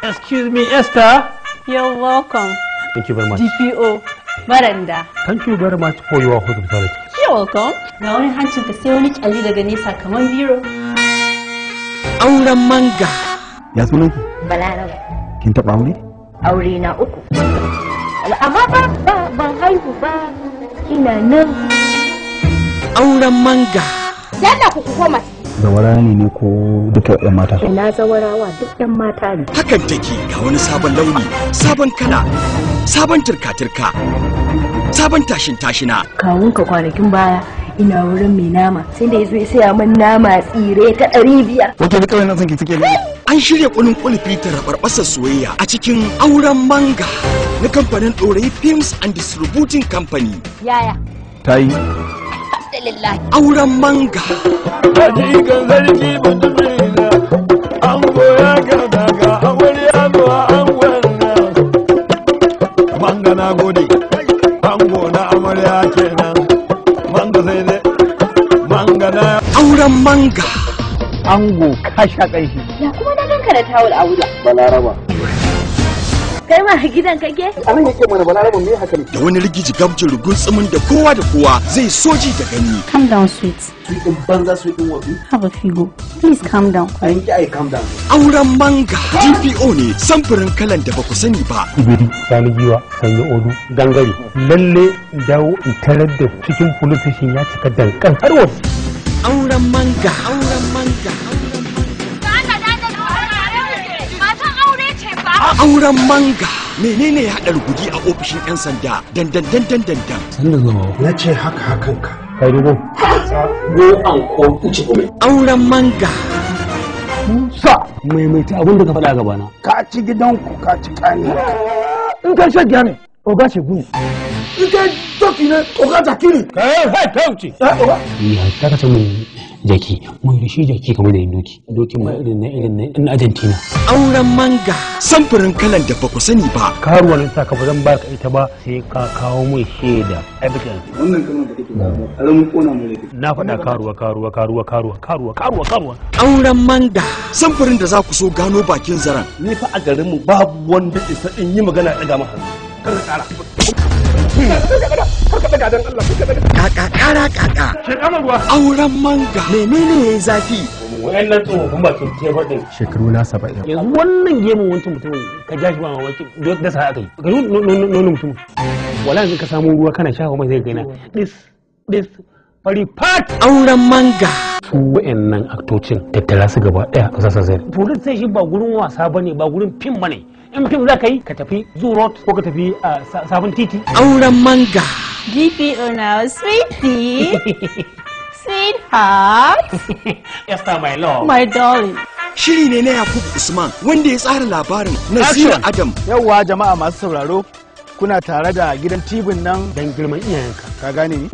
Excuse me, Esther. You're welcome. Thank you very much. DPO, Baranda. Thank you very much for your hospitality. You're welcome. Ga wani hancin ka sai wani kyalli daga nesa kamar biro. Auren manga. Ya sunan ki? Balaraba. Kin taɓa aure? Aure na uku. Amma ba ba ba haihu ba ina nan. Auren manga. Yalla ku koma zawara ne ne ko duka yan mata ina zawarawa duk yan mata ne hakan take ga wani sabon launi sabon kala sabon turka-turka sabon tashin-tashina Kawun ka kwanakin baya ina wurin mai nama sai da ya zo ya saya min nama tsire ta ɗari biyar. Wato duka kawai sanki son ki ne. An shirya kulun kulfi ta rabarbasar soyayya a cikin auren manga na kamfanin Ɗorayi Films and Distributing Company. Yaya. Ta yi. alhamdulillah auren manga hadigan sarki mutumina an goya ga daga awar yaro an gwanna manga na gode an na amarya kenan manga sai dai manga na auren manga ango kasha kanshi ya kuma na ganka da tawul a wuya balaraba kai ma gidan kake anan yake mana balarabin ne haka ne da wani rigiji gabjin rugun tsamin da kowa da kowa zai soji da gani calm down sweet sweet din banza sweet din have a figo please calm down ayin ki ai calm down auren manga DPO ne samfurin kalan da ba ku sani ba ibiri sani giwa sanyi odu gangare lalle dawo in tarar da cikin fulusishin ya cika dankan har wasu auren manga auren manga auren manga menene ya haɗa rugudi a ofishin 'yan sanda dan. dandan dandan sanda zama na ce haka hakan ka kai rubo go an ko kuci gome auren manga musa maimaita abin da ka faɗa gabana ka ci gidanku ka ci kani in ka shan ne oga shegu ne in ka toki ne oga takiri ka yi kai wuce ya eh, oga ya ta ka ce mai jaki mun da shi jaki kamar da doki dokin ma irin na irin na in Argentina auren manga samfurin kalan da ku sani ba karuwar ta ka bazan baka ita ba sai ka kawo mun shaida evidence wannan kamar da kake ba alamun kona mu na faɗa karuwa karuwa karuwa karuwa karuwa karuwa karuwa auren manga samfurin da za ku so gano bakin zaran ni fa a garin mu babu wanda isa in yi magana daga maka kar ka kara Kakakara kaka. kara kaka. Auren manga. Menene ya yi zafi? Wayannan tsohon ba su ke faɗin. Shekaru na saba'in. Yanzu wannan gemu wancan mutum ka ja shi ba ma wancan da sa aka yi. Ka yi nonon mutum. Wala yanzu ka samu ruwa kana shafa mai zai gaina. Dis dis fari pat. Auren manga. Su wayannan aktocin tattara su gaba ɗaya a sasa zai. Turin sai shi ba gurin wasa bane ba gurin fim bane. in fim za ka yi ka tafi zoo road ko ka tafi ah, sabon titi auren manga dpo now sweetie sweetheart esther my love my darling shiri ne na yakubu usman wanda ya tsara labarin na zira adam yawwa jama'a masu sauraro kuna tare da gidan tibin nan dan girman iyayenka ka gane ni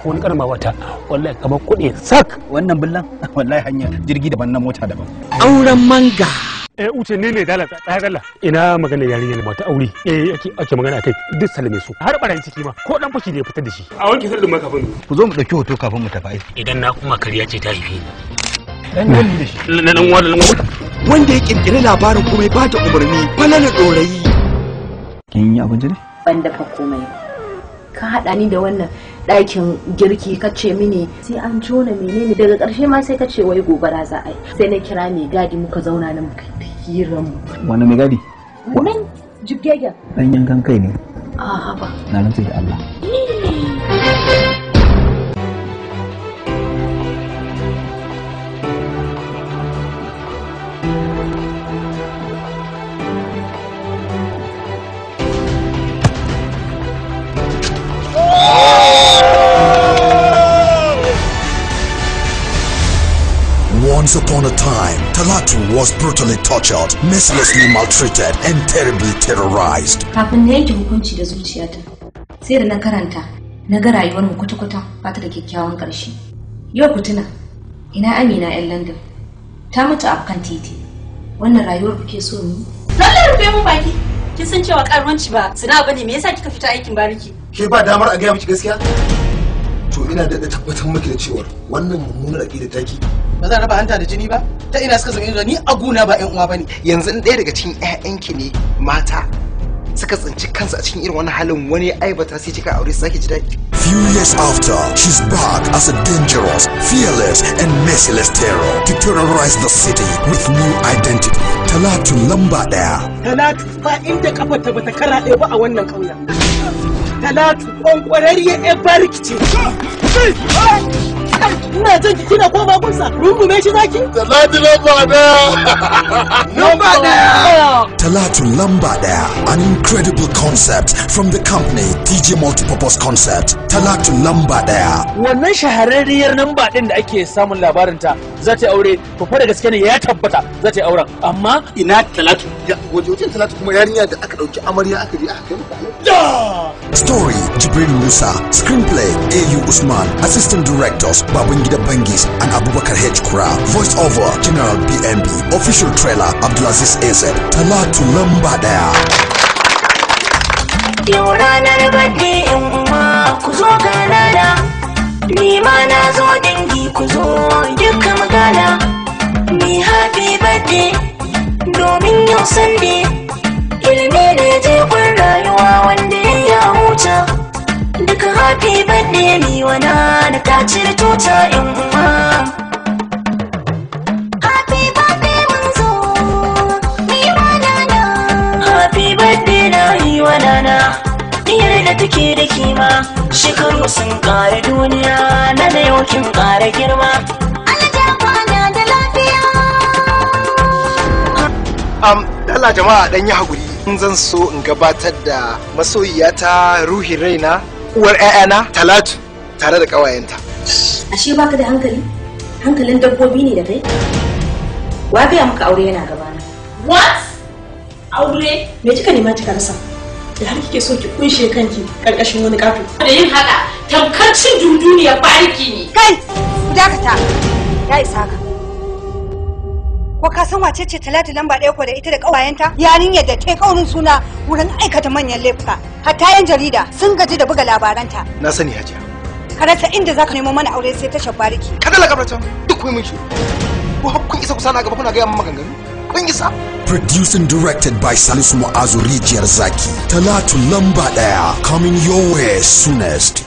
ko wani karma wata wallahi kamar kuɗi sak wannan billan wallahi hanya jirgi daban na mota daban auren manga eh uce ne ne dala tsaya dala ina magana yarinya ne mata aure eh ake ake magana kai. duk salame su har barayin ciki ma ko dan fashi ne fitar da shi a wanke sallin ma kafin ku zo mu dauki hoto kafin mu tafi idan na kuma kariya ce ta ni dan dan ne shi na dan wani dan wanda ya kirkiri labarin kuma ya bada umarni falala dorayi kin yi abinci ne ban dafa komai ka hada ni da wannan ɗakin girki ka ce mini sai an jona menene daga ƙarshe ma sai ka ce wai gobara za a yi sai na kira mai gadi muka zauna na muka hira mu wani mai gadi wannan jibgegen dan yankan kai ne a haba na rantsa da Allah Once upon a time, Talatu was brutally tortured, mercilessly maltreated, and terribly terrorized. Kafin na yanke hukunci da zuciyata, sai da na karanta, na ga rayuwarmu kwata-kwata ba ta da kyakkyawan ƙarshe. Yau ku tuna, ina Amina 'yan London, ta mutu a kan titi. Wannan rayuwar kuke so ni. Lallai rufe mun baki. Kin san cewa karuwanci ba suna bane me yasa kika fita aikin bariki? Ke ba damar a gaya miki gaskiya? To ina da tabbatar miki da cewa wannan mummunar aƙida taki ba zan raba hanta da jini ba ta ina suka zama ni a guna ba yan uwa bane yanzu in ɗaya daga cikin ƴaƴanki ne mata suka tsinci kansu a cikin irin wani halin wani aibata sai kika aure sake ji daɗi few years after she's back as a dangerous fearless and merciless terror to terrorize the city with new identity talatu lamba daya talatu ba inda kafar ta bata ba a wannan ƙauyen talatu ƙwanƙwararriyar ƴar ce ina jin ki kina ko bakunsa rungume shi zaki talatu lamba daya lamba daya talatu lamba daya an incredible concept from the company DJ Multipurpose Concept talatu lamba daya wannan shahararriyar namba din da ake samun labarin ta za ta aure to fa da gaske ne ya tabbata za ta auren amma ina talatu wajen talatu kuma yarinya da aka dauki amarya aka je aka kai Story Jibril Musa Screenplay AU Usman Assistant Directors Babangida Bangis an Abubakar H. Kura. Voice over General BNB. Official trailer Abdulaziz Eze. Talatu lamba daya. Yau ranar bade in kuma ku zo ganana. Nima na zo dangi ku zo duka magana. Ni happy birthday domin yau sande. Ilmi ne je rayuwa wanda ya huta. saka happy birthday mi wana na ta cire tuta yan uwa da take da kima shekaru sun kare duniya na da girma. kare girma dala jama'a dan yi haƙuri in zan so in gabatar da masoyiyata ruhin raina uwar 'ya'yana talatu tare da ƙawayenta ashe baka da hankali hankalin dabbobi ne da kai wa ya maka aure yana gabana what aure me kika nema kika rasa da har kike so ki kunshe kanki karkashin wani kafu da yin haka tamkar cin dunduniya bariki ne kai dakata ya isa ka ko ka san wace ce talatu lamba ɗaya ko da ita da ƙawayenta Yarinya da ta kaurin suna wurin aikata manyan laifuka hatta yan jarida sun gaji da buga labaranta na sani hajiya ka rasa inda zaka nemo mana aure sai tashar bariki kada la gabarta duk kuma mun shi ko kun isa kusa na gaba kuna ga yamma maganganu kun isa produced and directed by Salisu Mu'azu Rijiyar Zaki Talatu lamba 1 coming your way soonest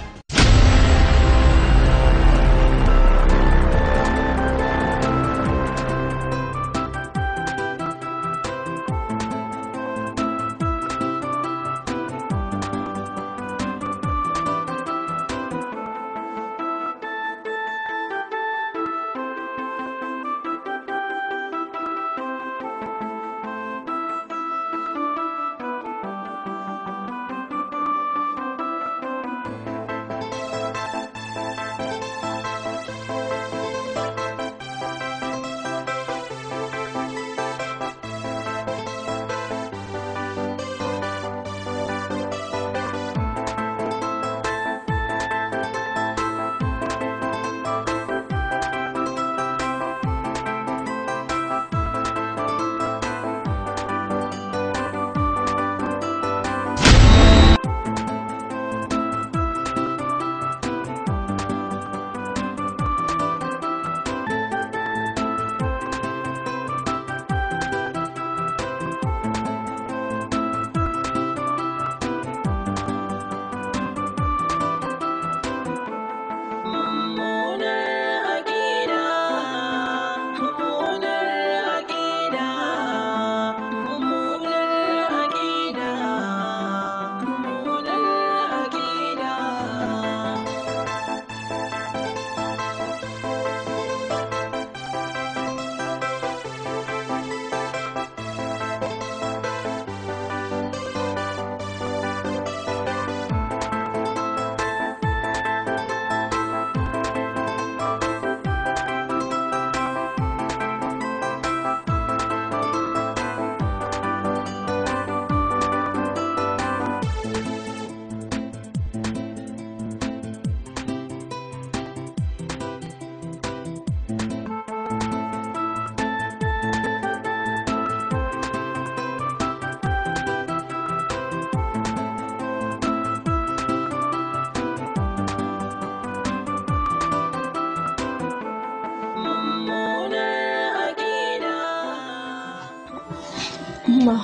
umma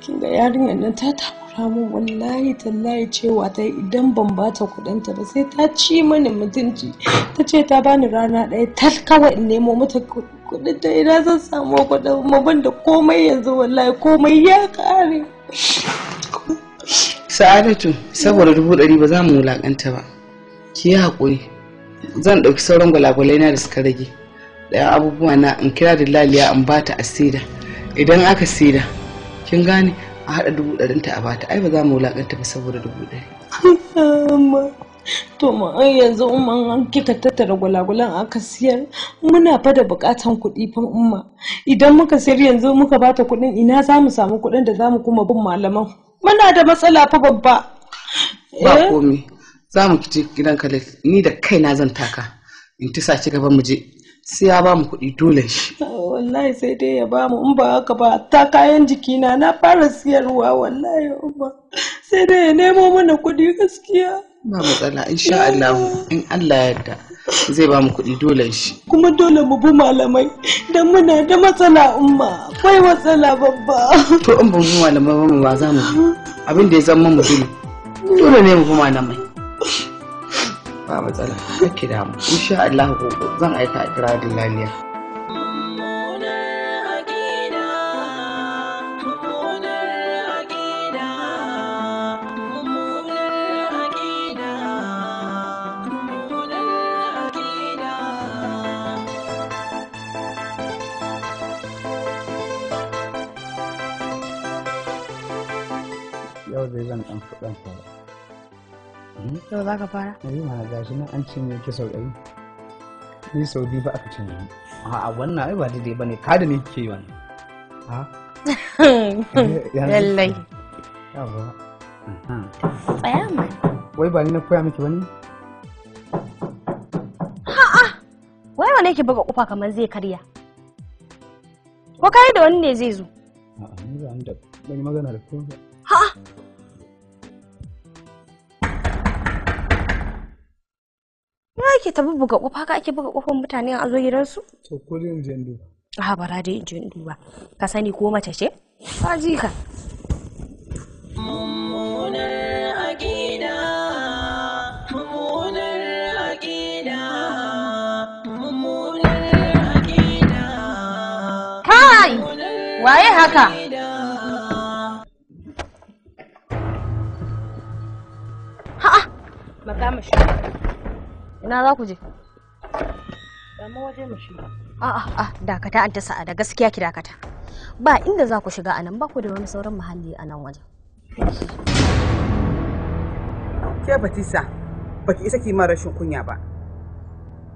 kin ga yarinyar nan ta takura min wallahi tallahi cewa ta idan ban bata kudinta ba sai ta ci mini mutunci ta ce ta bani rana ɗaya ta kawai in nemo mata kudin ta ina zan samu kudin ma banda komai yanzu wallahi komai ya kare sa'adatu saboda dubu ɗari ba za mu wulaƙanta ba ki yi haƙuri zan ɗauki sauran gwalagwalai na da suka rage ɗayan abubuwa na in kira da laliya in bata asira idan aka sida kin gane a haɗa dubu ɗarin ta a bata ai ba za mu wulaƙanta ba saboda dubu ɗari. to ma an yanzu umman an kika tattara gulagulan aka siyar muna fa da buƙatan kuɗi fa umma idan muka siyar yanzu muka bata kuɗin ina za mu samu kuɗin da za mu kuma bin malaman muna da matsala fa babba. ba eh? komi za mu kici gidan kalis ni da kaina zan taka in tisa ci gaban mu je sai ya bamu kuɗi dole shi oh, wallahi sai dai ya bamu in ba haka ba ta kayan jikina na fara siyarwa wallahi umma sai dai ya nemo mana kuɗi gaskiya ba matsala insha Allah in Allah ya yarda zai bamu kuɗi dole shi kuma dole mu bi malamai don muna da matsala umma akwai matsala babba to in ba mu malamai ba mu ba za mu abin da ya zama mu dole dole ne mu bi malamai ba matsala ki damu insha Allah zan aika a kira da laliya yau zai zan ɗan fi ɗan fara Yau za ka fara? Na yi ma gashi nan an cinye sau ɗari. Ni sau biyu ba aka wannan ai ba daidai ba ne ka da ne ke yi wani. Lallai. Tsaya ma. Wai ba ni na koya miki wani? Ha'a! Wai wane yake buga kufa kamar zai karya? Ko kai da wani ne zai zo? A'a, ni da ban magana da kowa. Ha'a! kake ta bubuga kofa ka ake buga kofar mutane a zo gidansu to kullun je duba a bara dai in je duba ka sani ko mace ce ka ji ka mummunar aqida waye haka Ha'a, mashi. ina za ku je dama waje mu shiga a'a a dakata an ta sa'ada gaskiya ki dakata ba inda za ku shiga anan ba ku da wani sauran muhalli a nan wajen ke batisa ba ki isa ki ma rashin kunya ba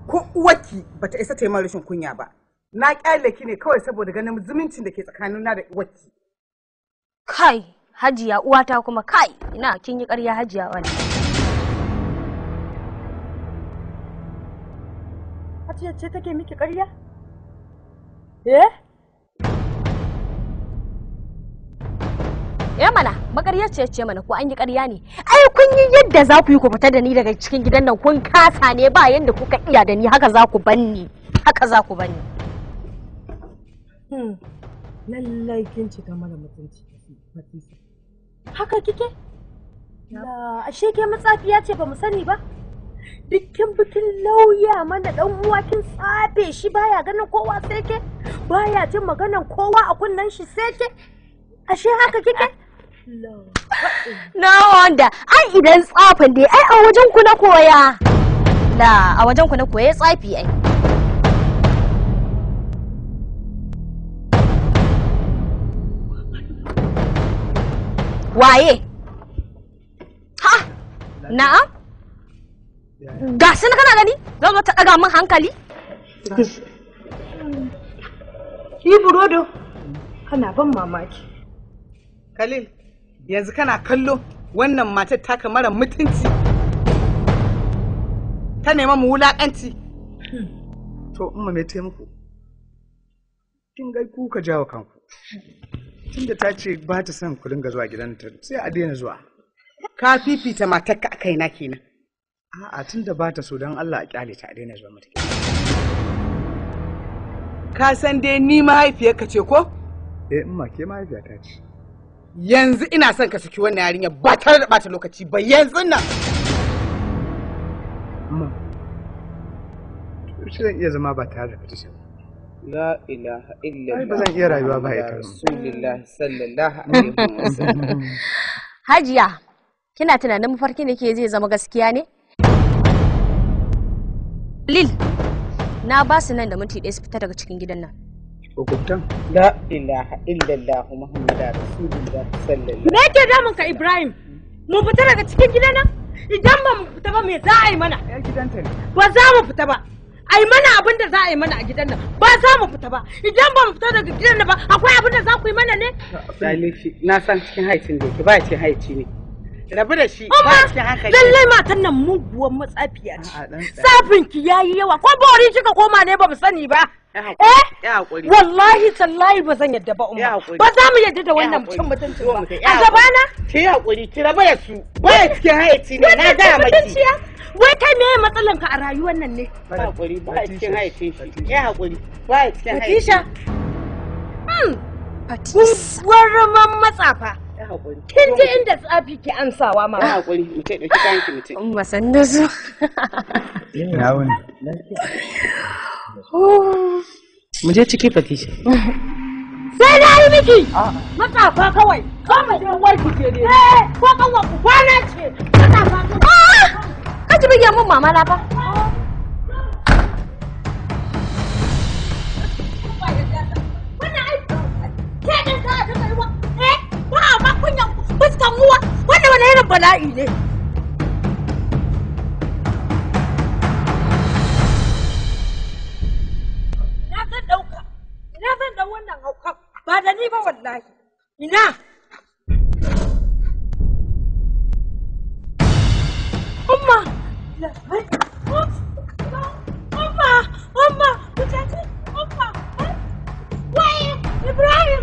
ko uwarki ba ta isa ta yi rashin kunya ba na kyale ki ne kawai saboda ganin zumuncin da ke na da uwarki kai hajiya uwata kuma kai ina kin yi ƙarya hajiya wani ce ce take miki ƙarya? Eh? Eh mana, makaryar ce ce mana ko an yi ƙarya ne. Ai kun yi yadda za ku yi ku fita da ni daga cikin gidan nan kun kasa ne ba yanda kuka iya da ni haka za ku banni. Haka za ku banni. Hmm. Lallai kin cika mana mutunci Haka kike? ashe ke matsafiya ce ba mu sani ba. dukkan bikin lauya mana dan uwa kin tsafe shi baya ganin kowa sai ke baya jin maganan kowa a kunnen shi sai ke ashe haka kike na wanda ai idan tsafin dai ai a wajen ku na koya la a wajen ku na koya tsafi ai waye ha na'am ga su kana gani za zo ta ɗaga min hankali yi burodo kana ban mamaki khalil yanzu kana kallo wannan matar taka mara mutunci ta nema mu wulaƙanci. to umma mai taimako kin ga kuka jawo kanku tunda ta ce ba ta son ku dinga zuwa gidanta sai a daina zuwa ka fifita matarka a kaina kenan A'a tun da ba ta so don Allah a kyale ta a daina zuwa mata. Ka san dai ni mahaifiyarka ce ko? Eh, ma ke ta ce. Yanzu ina son ka saki wannan yarinya ba tare da bata lokaci ba yanzu nan. Ma, shi zan iya zama ba tare da fitishin ba. La ilaha illallah. Ba zan iya rayuwa ba ita. Rasulullah sallallahu alaihi wasallam. Hajiya, kina tunanin mafarkin da ke zai zama gaskiya ne? Lil, na ba su nan da minti ɗaya su fita daga cikin gidan nan. Hukuntan? La ilaha illallah Muhammad Rasulullah sallallahu Me yake damun ka Ibrahim? Mu fita daga cikin gidan nan? Idan ba mu fita ba me za a yi mana? Yar ta ne. Ba za mu fita ba. Ai mana abin da za a yi mana a gidan nan ba za mu fita ba idan ba mu fita daga gidan nan ba akwai abin da za ku yi mana ne? Na san cikin haicin da yake ba cikin haici ne. rabu da shi ba cikin hankali lalle matan nan muguwar matsafiya ce safin ki yayi yawa ko bori kika koma ne ba mu sani ba eh wallahi tallahi ba zan yadda ba umma ba za mu yadda da wannan mutum mutuncin ba a gabana ki hakuri ki rabu da su ba cikin haiti ne na ga maki wai kai me matsalan ka a rayuwar nan ne ba hakuri ba cikin haiti shi ya hakuri ba cikin haiti Fatisha. Hmm. Fatisha. Gwarman matsafa. Kin ji inda tsafi ke amsawa ma. Ka ciki Fatisha. Sai na yi miki. Matsafa kawai. Eh, ko mu je Ko kan kwana ce. kawai. Ah! Ka ji mun mama na Wannan aiki. kunyan fuskan uwa wani irin bala'i ne na zan ina zan dau wannan ba da ni ba wallahi ina umma umma umma umma ibrahim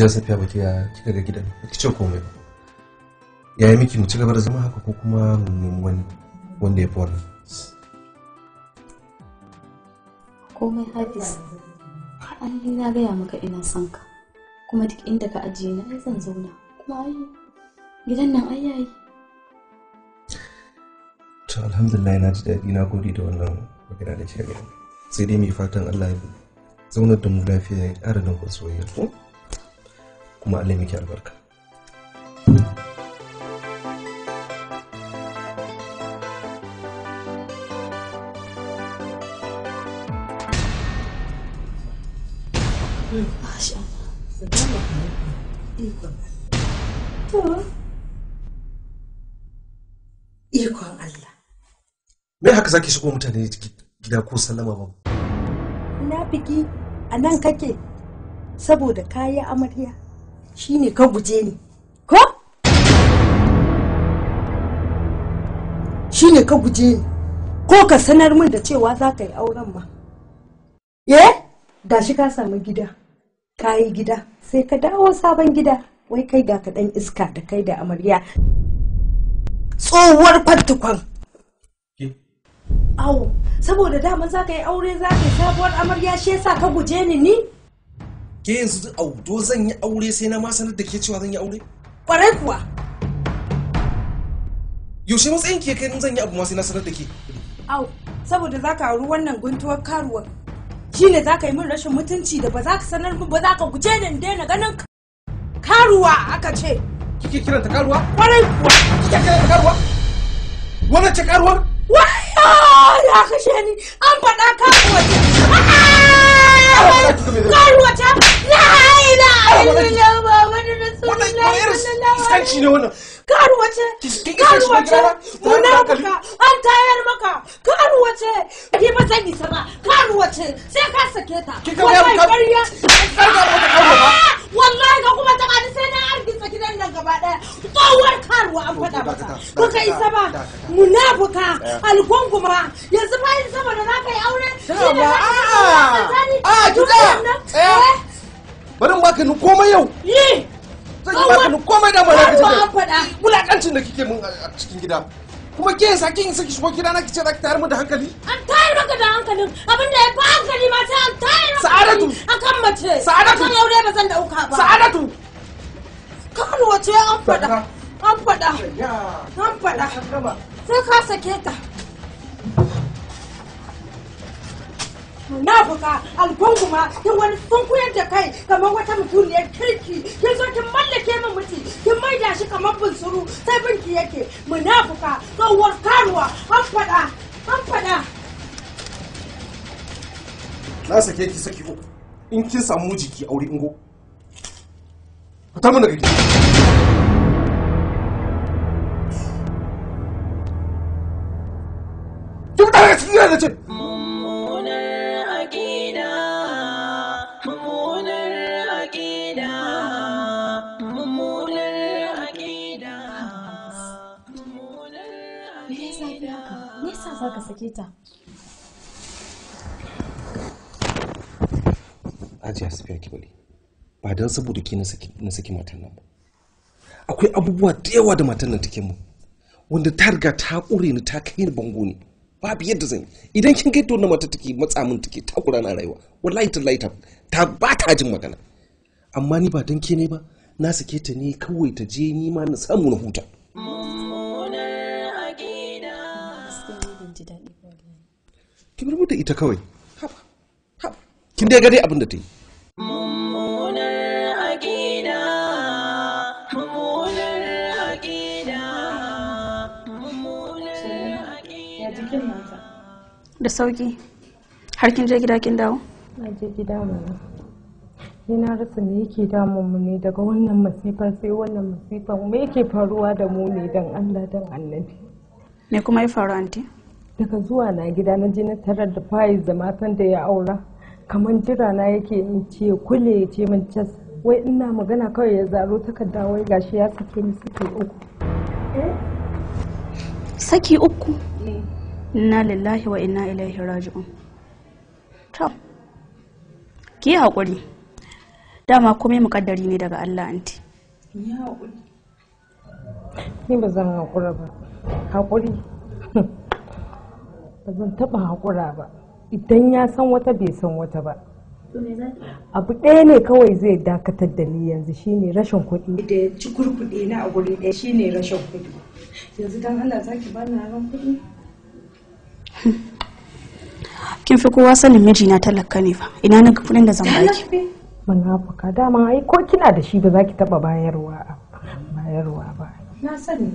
ya safiya ba ya kika ga gidan ba ce komai ba ya yi miki mu ci gaba da zama haka ko kuma wani wanda ya fi wannan komai hafiz an yi na gaya maka ina son ka kuma duk inda ka ajiye na zan zauna kuma ai gidan nan ai yayi to alhamdulillah na ji daɗi na gode da wannan magana da ke sai dai mai fatan Allah ya zaunar da mu lafiya ya ƙara dangon soyayya ko kuma Allah miki albarka Ikon Allah. Me haka zaki shigo mutane gida ko sallama ba? Na fiki a nan kake saboda kayi amarya shine ka guje ni ko shine ka guje ni ko ka sanar min da cewa za ka yi auren ma eh da shi ka samu gida ka yi gida sai ka dawo sabon gida wai kai ga ka dan iska da kai da amarya tsohuwar kwantukwan awo saboda dama za ka yi aure za ka yi sabuwar amarya shi yasa ka guje ni ni ke yanzu audo zan yi aure sai na ma sanar da ke cewa zan yi aure kwarai kuwa yaushe matsayin ke kai zan yi abu ma sai na sanar da ke au saboda za ka auri wannan guntuwar karuwar shi ne za ka yi min rashin mutunci da ba za ka sanar ba za ka guje ni na ganin karuwa aka ce kike kiranta karuwa kwarai kuwa kike kiranta karuwa wannan ce karuwar wayo ya kashe ni an faɗa karuwace karuwace la ila ila baba iskanci tayar maka karuwace ni ba zan ta ah! ka kuma taɓa ni sai na argitsa gidan nan gaba eh. algunguma yanzu bayan da za ka yi aure ah! a ah, eh. Eh? baka ni komai yau zan yi maganin komai da mara gaji da wulakancin da kike mun a cikin gida kuma ke yasa kin saki shigo gida na kice zaki tayar mu da hankali an tayar maka da hankalin abin da ya fi hankali ma sai an tayar maka sa'adatu akan mace sa'adatu kan aure ba zan dauka ba sa'adatu kan wace an fada an fada an fada sai ka sake ta munafuka algunguma ki wani sunkuyar da kai kamar wata mutuniyar kirki kin zo kin mallake min mutum kin da shi kamar bunsuru sai binki yake munafuka tsohuwar karuwa an faɗa an fada na sake ki saki uku in kin samu jiki aure ingo fita mana gari Kin fita daga cikin gidan da ce. sake ta ajiya su fiya kibali ba don saboda ke na saki matan nan ba akwai abubuwa da yawa da matan nan take mu wanda ta riga ta ƙure ni ta kai ni bango ne babu yadda zan yi idan kin ga wannan mata take matsa min take ta ƙura na rayuwa wallahi ta laita ta ba ta jin magana amma ni ba don ke ne ba na sake ta ne kawai ta je ni ma na samu na huta ki da ita kawai kin dai ga dai abin da ta yi da sauki har kin je gida kin dawo na je gida mana ni na rasa me yake damun mu ne daga wannan masifa sai wannan masifan me yake faruwa da mu ne dan Allah dan Annabi me kuma ya faru anti daga zuwa na gida na je na tarar da fayiz da matan da ya aura kamar jira na yake in ce kule ya ce min cas wai ina magana kawai ya zaro takarda wai gashi ya sake ni saki uku eh? saki uku eh. inna lillahi wa inna ilaihi raji'un to ki haƙuri dama komai muƙaddari ne daga Allah anti ni ba zan haƙura ba haƙuri ba zan taɓa haƙura ba idan ya san wata bai san wata ba abu ɗaya ne kawai zai dakatar da ni yanzu shine rashin kuɗi da ya ci kurkuɗe na a guri ɗaya shine rashin kuɗi yanzu don allah zaki ba na ran kuɗi kin fi kowa sanin mijina talaka ne fa ina na ga kuɗin da zan baki hafuka dama ai ko kina da shi ba za ki taɓa bayarwa bayarwa ba na sani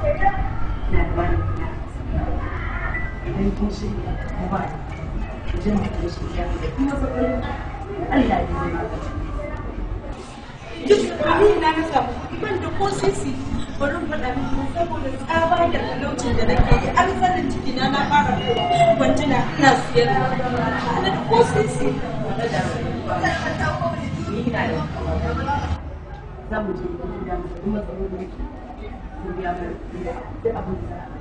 na gaba yi maka duk abin na ka samu ban da ko sisi bari mu faɗa miki da tsaba da talaucin da nake yi arzanin na fara kowa ban na ina siyar da da ni da to the other, the other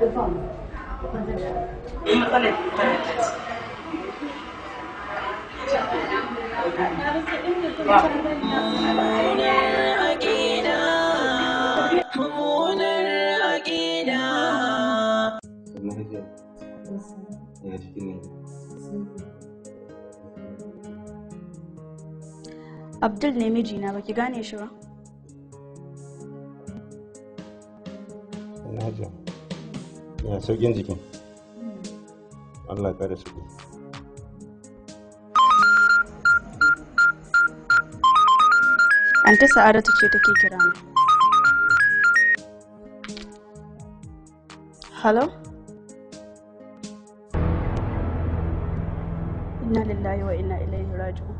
the fund, Muttalib, Abdul Nemi Jina, what you gonna show? na hajiya ya saukin jikin allah kare su Anta Sa'adatu ce take kira ni. Hello? Inna lillahi wa inna ilaihi raji'un.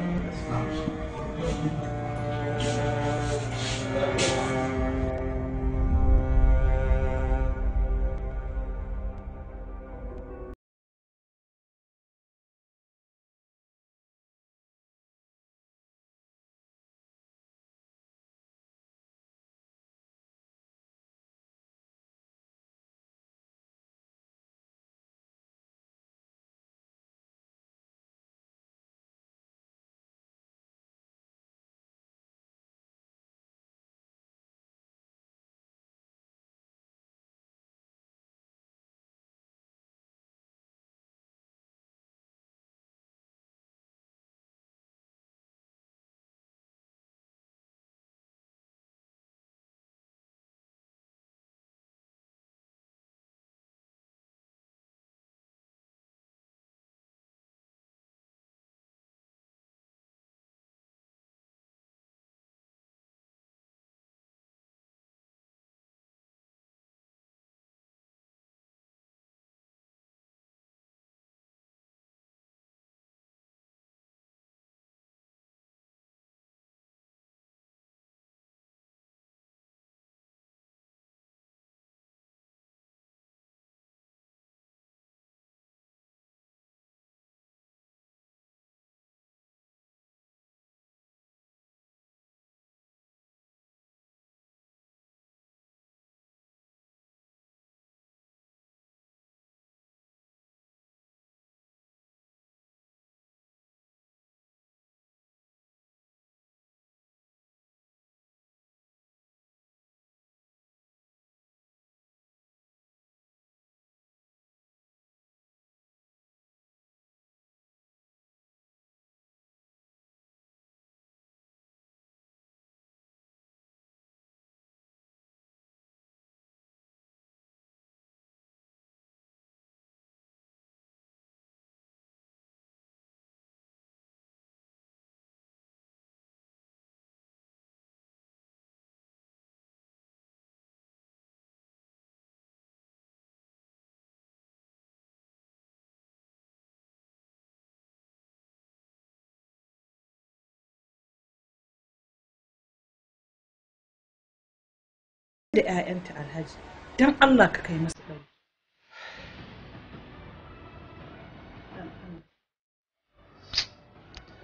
da 'ya'yanta alhaji don allah ka kai masu ɗauki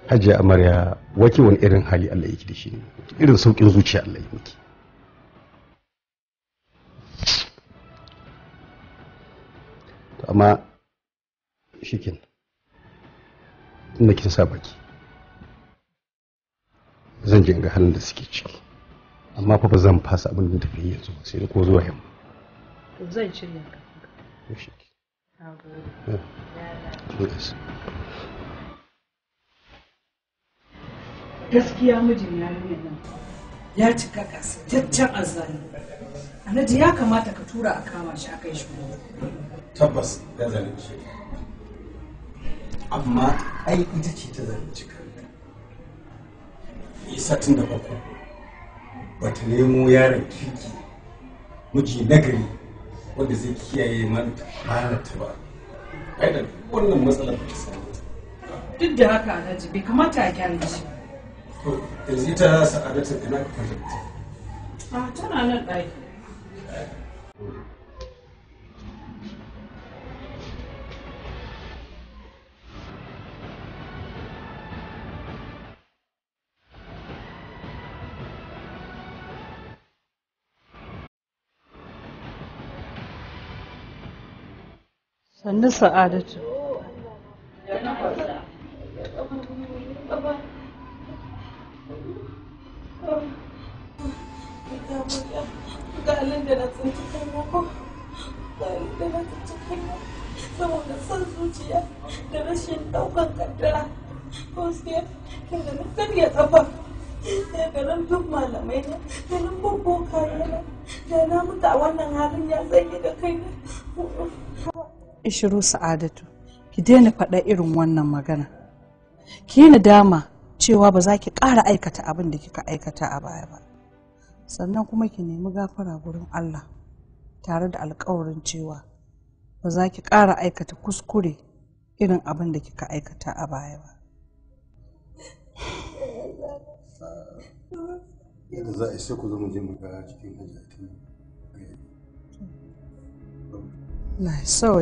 hajiya amarya wake wani irin hali allah yake da shi ne irin sauƙin zuciya allah ya miki amma shikin tunda kin sa baki zan je ga halin da suke ciki amma fa ba zan fasa abin da tafi yanzu ba sai da ko zuwa yamma zan shirya ka gaskiya mijin yarinyar nan ya cika jaccen arzani anaji ya kamata ka tura a kama shi a kai shi tabbas ya zalunce amma ai ita ce ta zalunci kanta yi satin da bakwai Wata nemo yaron kirki miji nagari wanda zai kiyaye manta halatta ba ai da wannan matsalar ba ta samu duk da haka alhaji bai kamata a gyara shi to yanzu ita sa'adatu ina ka fahimta a ah, tana nan ɗaki sannu sa'adatu saboda son zuciya da rashin ɗaukar kaddara gaskiya daga nan karya kafa daga nan duk malamai na da nan babbo kayana da na mutu a wannan halin ya tsaye da kai na yi sa'adatu ki daina faɗa irin wannan magana ki yi nadama cewa ba za ki ƙara aikata abin da kika aikata a baya ba sannan kuma ki nemi gafara gurin allah tare da alkawarin cewa ba za ki ƙara aikata kuskure irin abin da kika aikata a baya ba Nice, za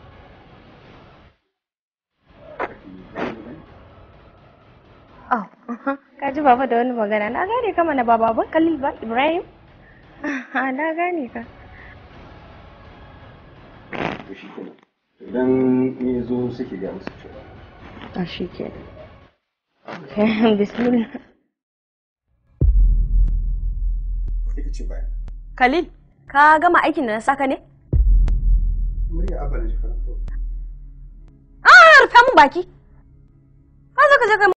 Oh, uh-huh. kaji baba da wani magana na gane ka mana ba baban kalil ba ibrahim ah, na gane ka idan ne zo suke ga musu cewa a ah, shi ke bismillah kalil ka gama aikin da na saka ne? Murya abana shi karanto. Ah, rufe mun baki. Ka zo ka je ka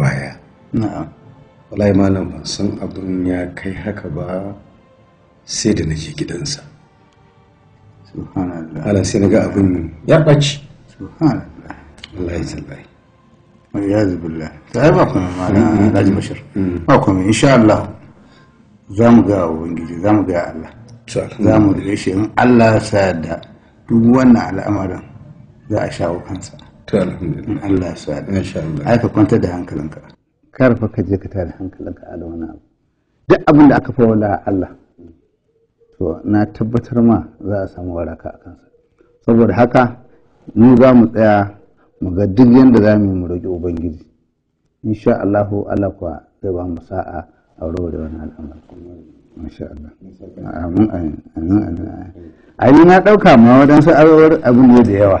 baya. Wallahi malam ban san abin ya kai haka ba sai da nake gidansa. Subhanallah. Allah sai naga abin ya ɓaci. Subhanallah. Wallahi zallahi. Ya zubulla. Ta yi ba kuma na mm, mm, mm. Alhaji Bashir. Ba kuma insha Allah za mu ga Ubangiji za mu ga Allah. Za mu da shi in Allah ya sa da duk wannan al'amarin za a shawo kansa. to Allah ya sa da hankalinka ka je ka tare hankalinka a wani abu duk abin da aka fawala Allah to na tabbatar ma za a samu waraka a kansa saboda haka mu za mu tsaya mu ga duk yadda za mu roƙi ubangiji insha Allahu Allah kuwa zai ba mu sa'a a wani al'amari Allah amin amin amin na ɗauka ma wadansu abin da yawa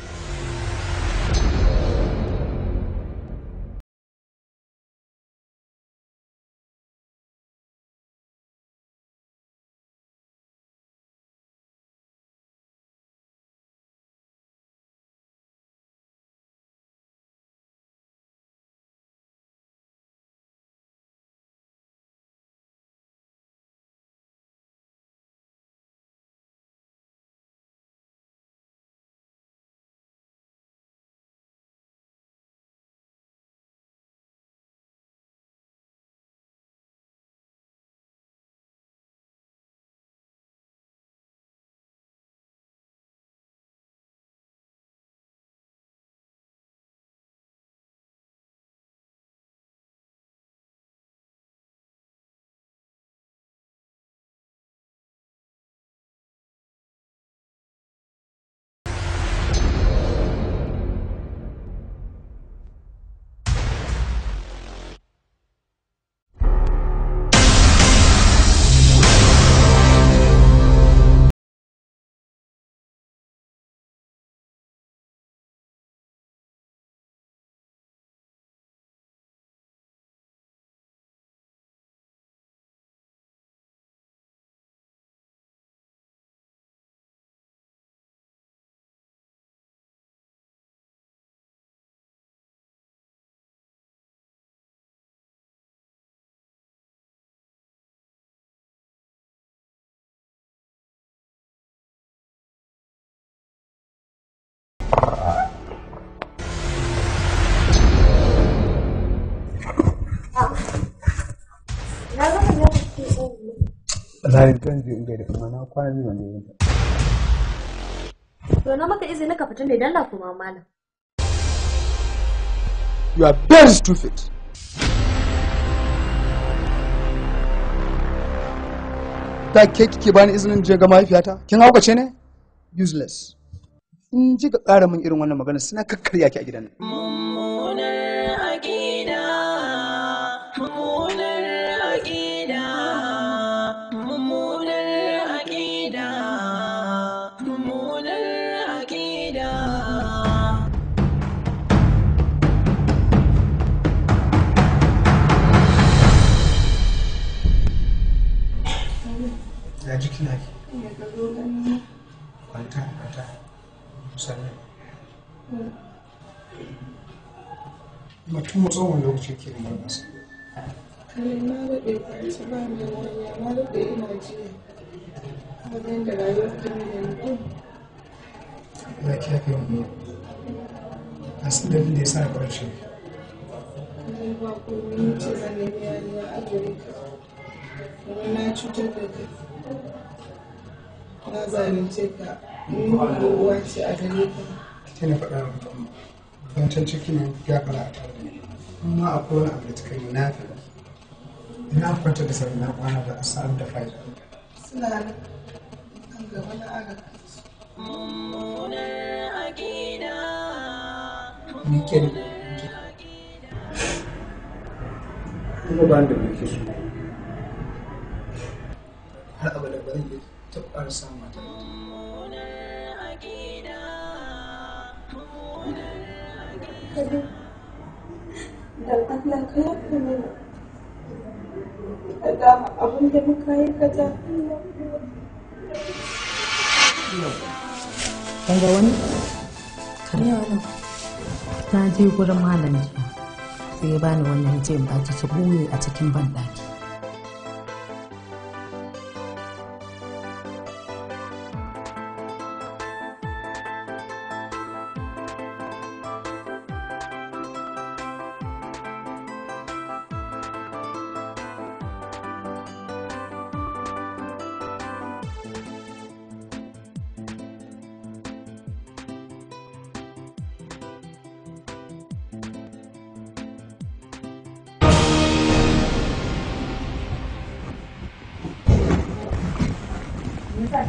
Wallahi zan je in gaida kuma na kwana biyu ban je yin To na maka izini ka fita ne dan la kuma malam. You are very stupid. Da ke kike bani izinin je ga mahaifiyata? Kin haukace ne? Useless. In ji ka ƙara min irin wannan magana suna kakkarya ki a gidan nan. tun tsawon lokacin ke da nasa kayan na daɗe kwanci ba mai wani na daɗe ina jiya wajen da rayuwar ta ne yanzu ya ke kai wani a sun da ya sa ƙarshe ba komai ce ba ne ya yi a amurka kuma na cutar da kai na zalunce ka ruwa ce a gare ka. Kina faɗa wa mutum, wancan cikin ya fara a tare da ni. kuma akwai wani abu da ta kai ina kwanta da sauri kwana ba a sa'ar da fa'ida suna gaba na kuma ba da su har abada Thank you. don Allah ka yafe da abin da muka yi ka wani? Na je gurin malam jiya sai ya bani wannan ce ba ta su a cikin banɗaki. me allah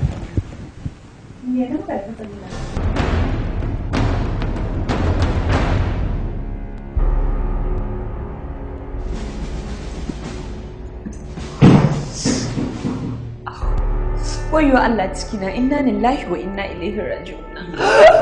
Wayo Allah cikina inna lillahi wa inna ilaihi raji'un.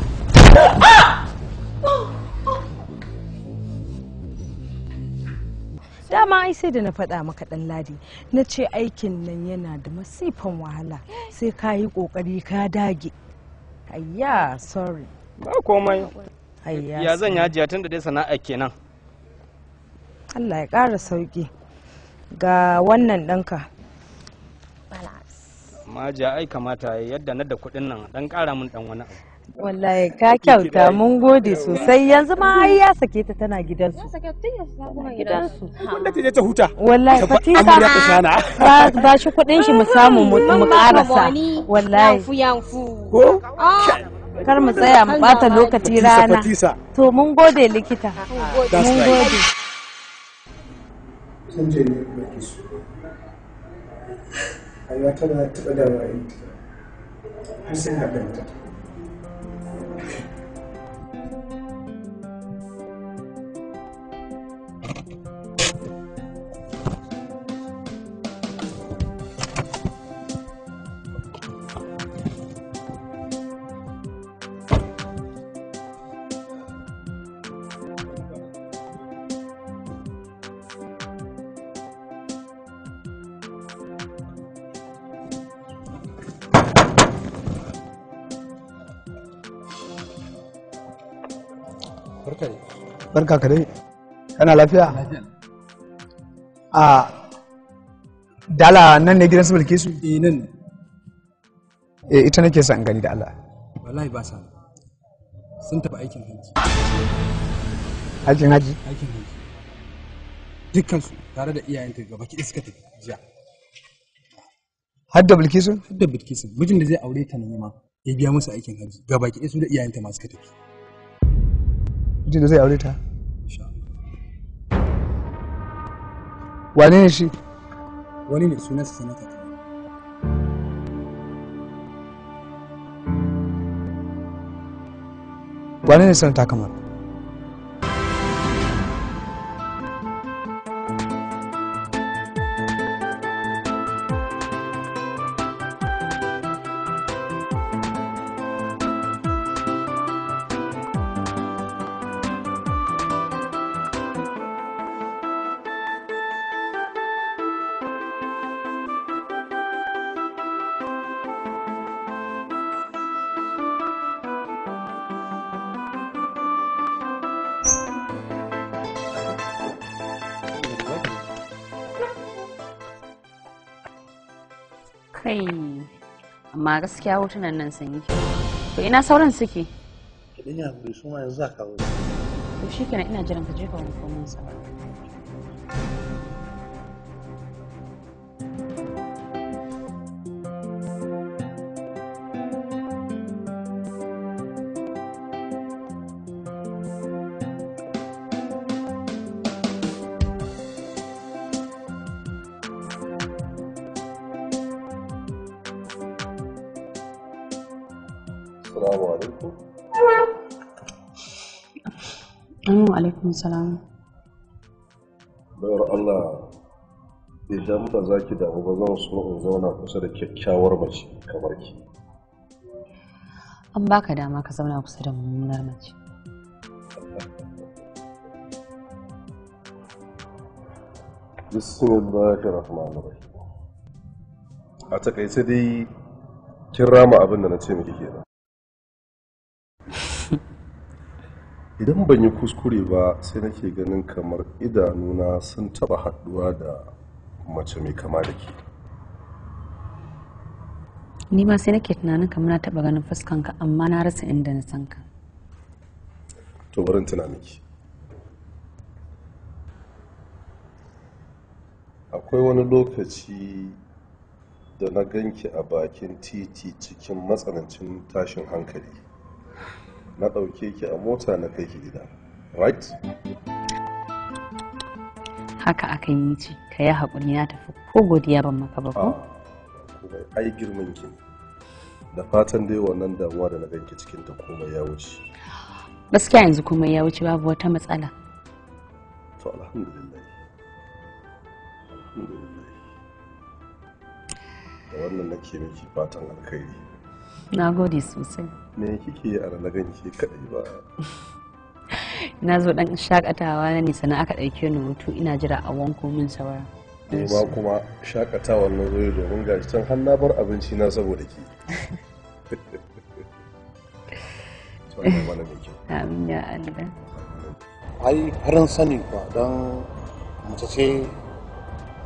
da na faɗa maka ɗan ladi na ce aikin nan yana da masifan wahala sai ka yi ƙoƙari ka dage ayya sorry ba komai ya zan yaji tun da dai sana'a kenan Allah ya ƙara sauƙi ga wannan ɗanka maja ai kamata yadda na da kuɗin nan ɗan ƙara min ɗan wani abu wallahi ka kyauta mun gode sosai yanzu ma ai ya sake ta tana gidansu ya sake tun yanzu ta kuma gidansu wanda ta je ta huta wallahi fatisa ba ba shi kudin shi mu samu mu karasa wallahi yanfu yanfu ko ah. kar mu tsaya mu bata lokaci rana to mun gode likita mun gode san je ne ba ki so rayuwa ta ba ta taba da har sai na ganta barka ka dai kana lafiya a dala nan ne gidan su bilkisu eh nan e ita nake son gani da Allah wallahi ba sa sun taba aikin haji aikin haji aikin haji dukkan su tare da iyayenta gaba ki suka tafi jiya hadda bilkisu Hadda bilkisu mijin da zai aure ta ne ma ya biya musu aikin haji gaba ki su da iyayenta ma suka tafi mijin da zai aure ta wane ne shi wani ne sunansa sanata wane ne sanata kamar gaskiya hotunan nan sun yi to ina sauran suke ina bai suma yanzu za kawo. wuce to ina jiran ka jefa ka wanko Assalamu alaikum. Assalamu alaikum salam. Bayar Allah idan ba za ki damu ba zan so in zauna kusa da kyakkyawar mace kamar ki. An baka dama ka zauna kusa da mummunar mace. Bismillahir Rahmanir Rahim. A takaice dai kin rama abin da na ce miki kenan. idan ban yi kuskure ba sai nake ganin kamar idanuna sun taba haduwa da mace mai kama da ke ni ma sai nake tunanin kamar na taba ganin fuskanka amma na rasa inda na san ka to barin tunanin miki akwai wani lokaci da na ganki a bakin titi cikin matsanancin tashin hankali na ɗauke ki a mota na kai ki gida right haka akan yi ce ka yi haƙuri na tafi ko godiya ban maka ba ko ai girman ki da fatan dai wannan damuwa da na ganki cikin ta komai ya wuce gaskiya yanzu kuma ya wuce babu wata matsala to alhamdulillah da wannan nake miki fatan alkhairi na gode sosai me kike a ranar ki kadai ba na zo dan shakatawa na nisa na aka dauke ni hutu ina jira a wanko min saura ne ba kuma shakatawa na zo domin gashi can har na bar abinci na saboda ki amin ya Allah ai haran sani ba don mace ce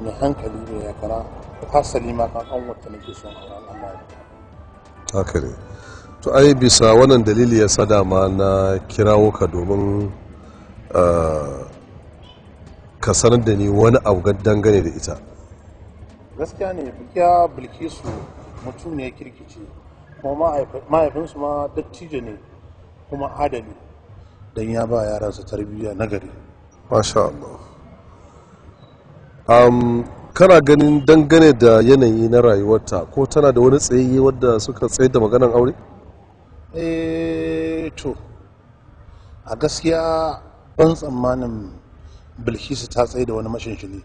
mai hankali mai yakara hasali ma kan an wata nake son a ranar haka ne to ai bisa wannan dalili ya sada ma na kirawo ka domin ah, ka sanar da ni wani abu dangane da ita gaskiya ne ya bilkisu mutum ne ya kirkice kuma mahaifinsu ma dattijo ne kuma adali don ya ba yaransa tarbiyya na gari kana ganin dangane da yanayi na rayuwarta ko tana da wani tsayayye wadda suka tsaye da maganan aure? Eh, to a gaskiya ban tsammanin bilkisu ta tsaye da wani mashinshini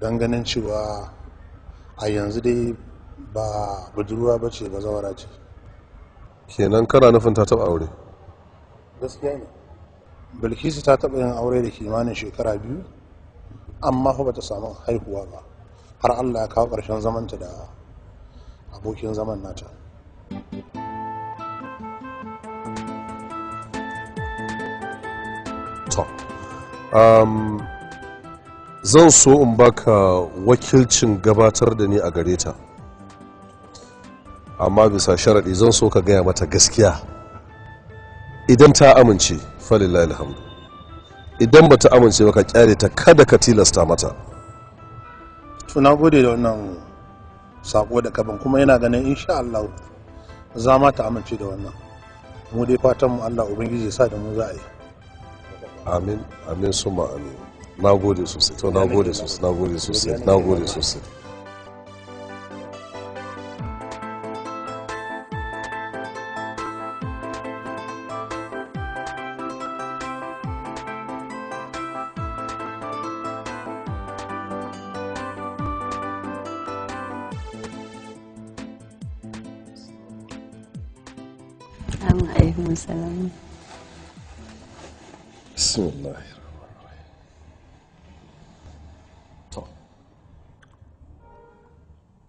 don ganin cewa a yanzu dai ba budurwa ba ce ba zawara ce kenan kana nufin ta taba aure gaskiya ne bilkisu ta taba yin aure da kimanin shekara biyu amma fa bata samu haihuwa ba har allah ya kawo ƙarshen zamanta da abokin zaman nata um, zan so in baka wakilcin gabatar da ni a gare ta amma bisa sharaɗi zan so ka gaya mata gaskiya idan ta amince falillahi alhamdu idan ba ta amince ba ka kyare ta kada ka tilasta mata suna gode da wannan sako da kaban kuma yana ganin insha Allah za ma ta amince da wannan mu dai fatan mu Allah ubangiji ya sa da mu za a yi amin amin suma amin na gode sosai to nagode sosai na gode sosai na gode sosai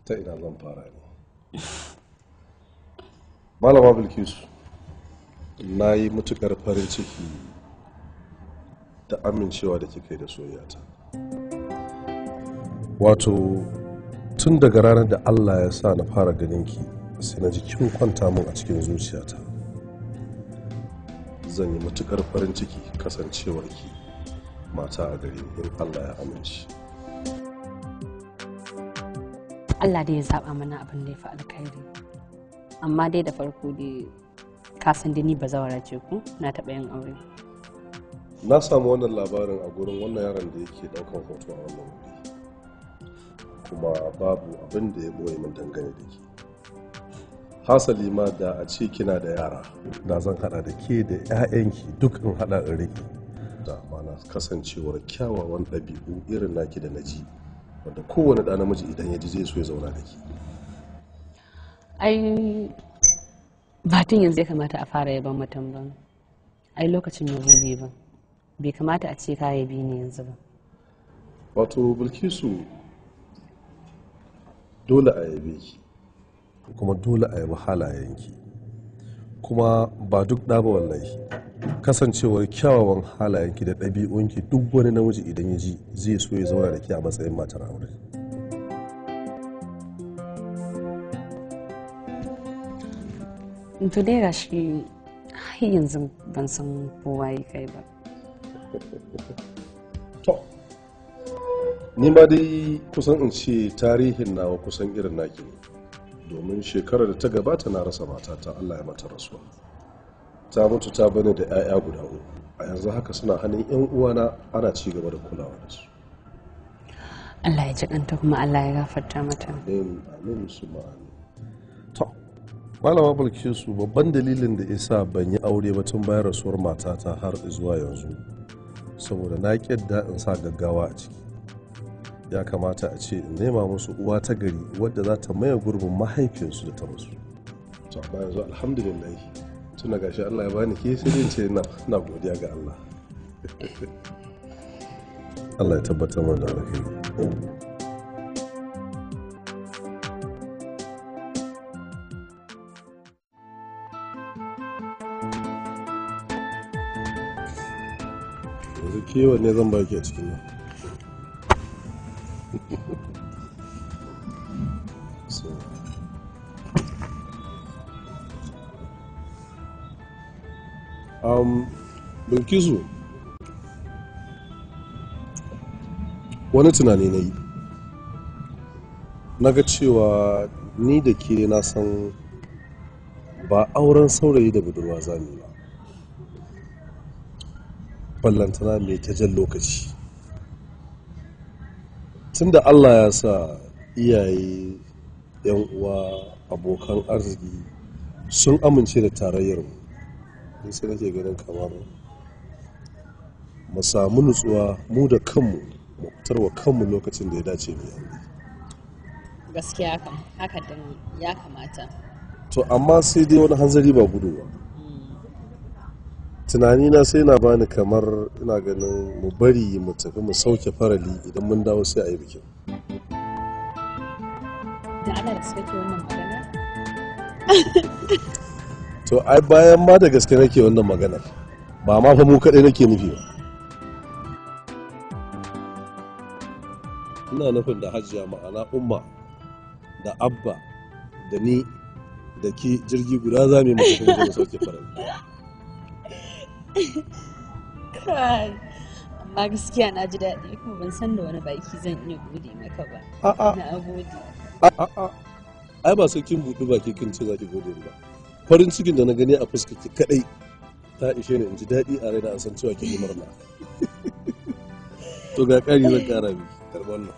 ta ina zan fara ne malama bilkisu na yi matukar farin ciki da amincewa da kika yi da soyata wato tun daga ranar da allah ya sa na fara ganin ki sai na ji kin kwanta min a cikin zuciyata zan yi matukar farin ciki ki mata a gari in allah ya amince. Allah da ya zaba mana abin da ya fi alkhairi amma dai da farko dai kasan da ni ba zawara ce ku na taɓa yin aure na samu wannan labarin a gurin wannan yaron da yake ɗaukan hoto a wannan wuri kuma babu abin da ya boye min dangane da ke hasali ma da a ce kina da yara da zan haɗa da ke da 'ya'yanki duk in haɗa in rike da mana kasancewar kyawawan ɗabi'u irin naki da na ji wanda kowane ɗa namiji idan ya ji zai so ya zauna da ke ai batun yanzu ya kamata a fara yaban mutum ba ai lokacin ya gobe ba bai kamata a ce kaya bi ne yanzu ba wato bilkisu dole a yabe ki kuma dole a yabi halayenki kuma ba duk ɗa ba wallahi kasancewar kyawawan halayenki da ɗabi'unki duk wani namiji idan ya ji zai so ya zauna da ke a matsayin matar aure to dai har yanzu ban san kowa yi kai ba to ni ma dai kusan in ce tarihin nawa kusan irin naki ne domin shekarar da ta gabata na rasa matata allah ya mata rasuwa ta mutu ta bane da 'ya'ya guda uku a yanzu haka suna hannun 'yan uwana ana ci gaba da kulawa da su allah ya jikanta kuma allah ya gafarta mata amin amin su to malama bilkisu babban dalilin da isa ban yi aure ba tun bayan rasuwar matata har zuwa yanzu saboda na ƙyadda in sa gaggawa a ciki ya kamata a ce in nema musu uwa ta gari wadda za ta maye gurbin mahaifinsu da ta musu to amma yanzu alhamdulillah tuna gashi Allah ya bani ke sai ce na godiya ga Allah Allah ya tabbatar mana da alheri kewa ne zan baki a cikin nan so um, bilkisu wani tunani na yi na ga cewa ni da ke na san ba auren saurayi da budurwa zamu ba ballantana mai ta jan lokaci tunda allah ya sa iyaye yan uwa abokan arziki sun amince da tarayyar mu sai nake ganin kamar mu samu nutsuwa mu da kanmu mu fitarwa kanmu lokacin da ya dace mu yanzu gaskiya haka din ya kamata to amma sai dai wani hanzari ba gudu ba tunani na sai na bani kamar ina ganin mu bari mu tafi mu sauke farali idan mun dawo sai a yi bikin to ai bayan ma da gaske nake wannan magana ba ma fa mu kaɗai nake nufi ba ina nufin da hajiya ma'ana umma da abba da ni da ki jirgi guda za mu yi mu sauke farali kai amma gaskiya na ji daɗi kuma ban san da wani baki zan iya gode maka ba na gode a'a ai ba sai kin buɗi baki kin ce za ki gode ba farin cikin da na gani a fuskar ki kadai ta ishe ni in ji daɗi a da an san cewa kin yi na. to ga ƙari zan ƙara bi karɓar nan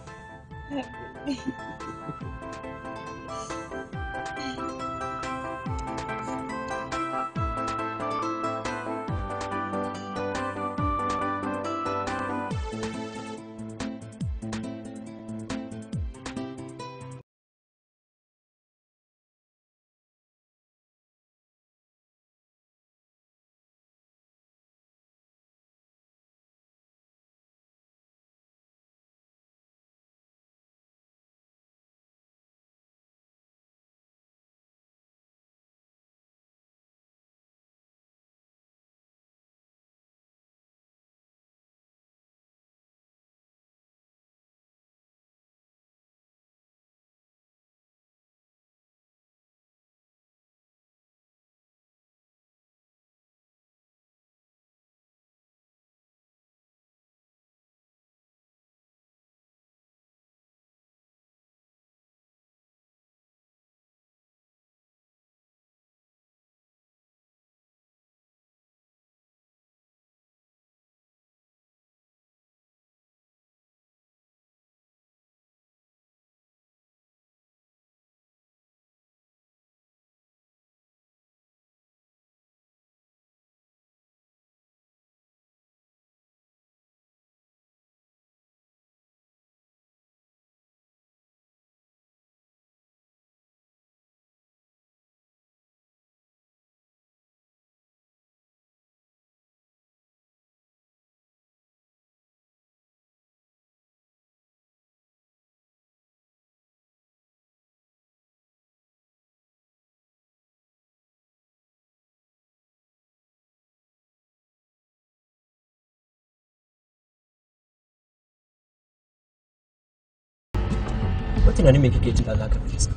tunanin me kike cika za ka ɗauke sa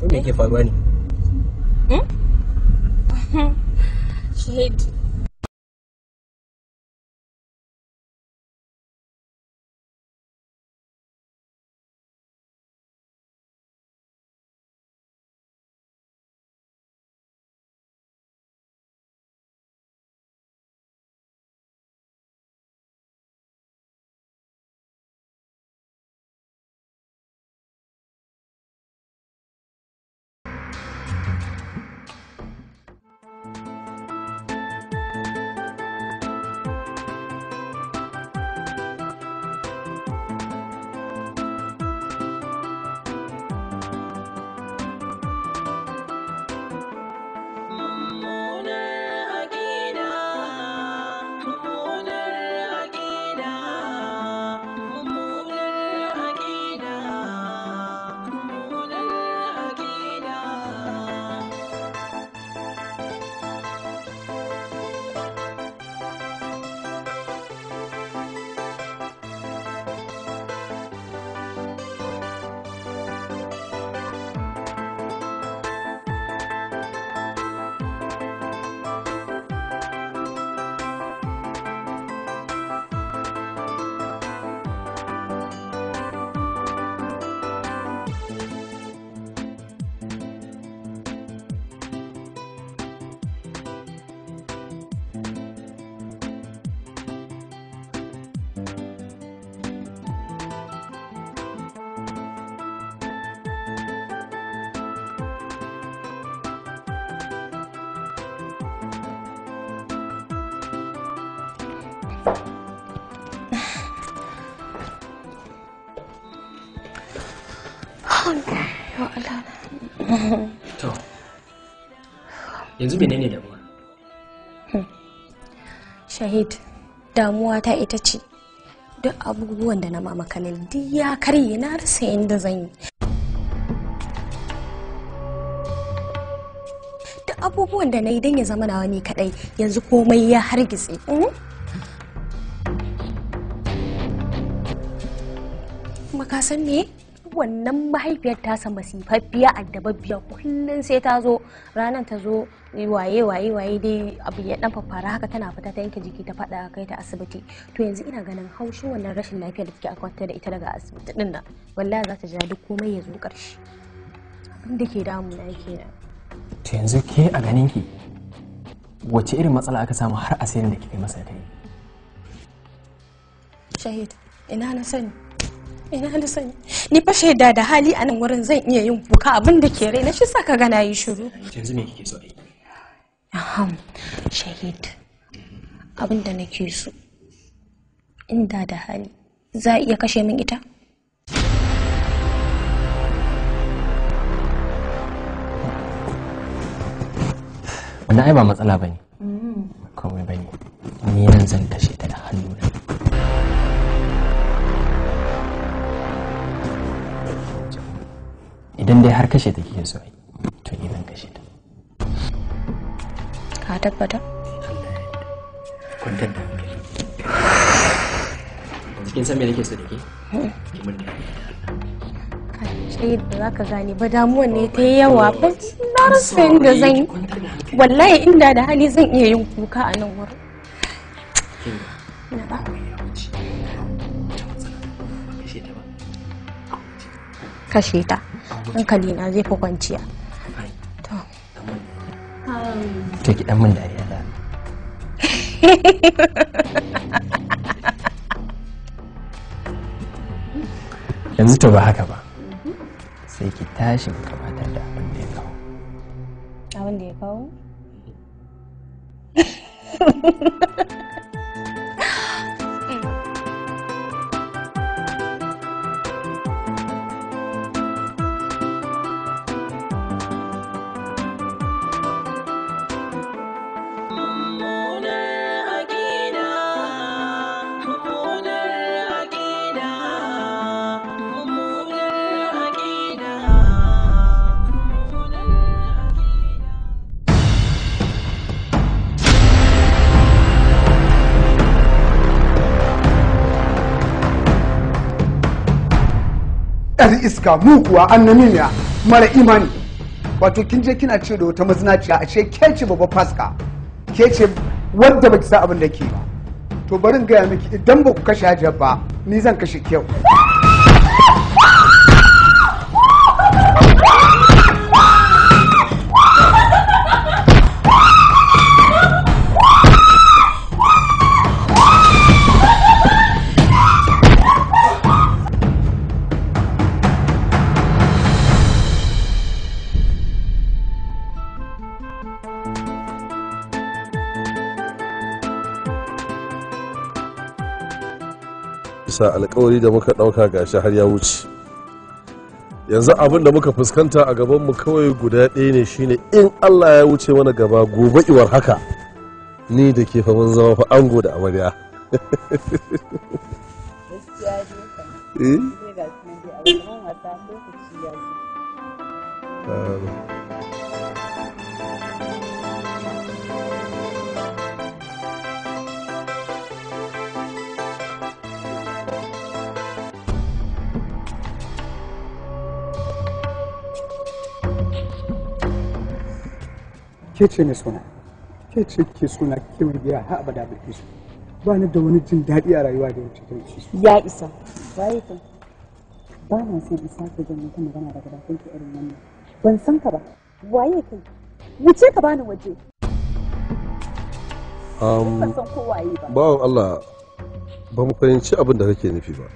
ko yake faruwa ne hmm? shahid to yanzu menene damuwa shahid damuwa ta ita ce duk abubuwan da na mama kalil duk ya karye na rasa yadda zan yi duk abubuwan da na yi don ya zama nawa ni kadai yanzu komai ya hargitse hmm? kuma ka san me wannan mahaifiyar ta sa masifaffiya addababbiya kullum sai ta zo ranar ta zo eh, waye waye waye dai abu ya dan fara haka tana fita ta yanke jiki ta fada kai ta asibiti to yanzu ina ganin haushin wannan rashin lafiyar da take akwata da ita daga asibiti din nan wallahi za ta jira duk komai ya zo karshe abin da ke damu na yake to yanzu ke a ganin ki wace irin matsala aka samu har asirin da kika masa kai shahid ina na sani ina da sani ni fa shaida da hali a nan wurin zan iya yin kuka abin da ke raina shi saka ga na yi shiru yanzu me kike so ai aham shahid abin da nake so inda da hali za a iya kashe min ita wannan ai ba matsala bane kawai bane ni nan zan kashe ta da hannuna idan dai har kashe take so yi to ni zan kashe ta ka tabbata kwantar da hankali cikin san me nake so da ke ki mun da kai za ka gane ba damuwan ne ta yawa ba na rasa yadda zan yi wallahi inda da hali zan iya yin kuka a nan wurin kashe ta hankali na zai fi kwanciya Ta ki ɗan min dariya da yanzu to ba haka ba sai ki tashi mu kamatar da abin da ya kawo abin da ya kawo iska mu muguwa annamimiya mara imani wato kin je kina ce da wata mazinaciya ashe ke ce babba faska ke ce wadda baki sa abin da ke ba to barin gaya miki idan ba ku kashe hajiyar ba ni zan kashe kyau bisa alkawari da muka ɗauka gashi har ya wuce yanzu abin da muka fuskanta a gabanmu kawai guda ɗaya ne shine in allah ya wuce mana gaba gobe iwar haka ni da ke mun zama fa ango da amarya Thank eh? you. ke ce mai suna ke ce ke suna ke mai biya har abada ke su ba ni da wani jin daɗi a rayuwa da wuce ta wuce ya isa yi ka ba na son isa sake jin wata magana daga bakin ki irin wannan ban san ka ba waye kai wuce ka bani waje um, bawan Allah ba mu fahimci abin da kake nufi ba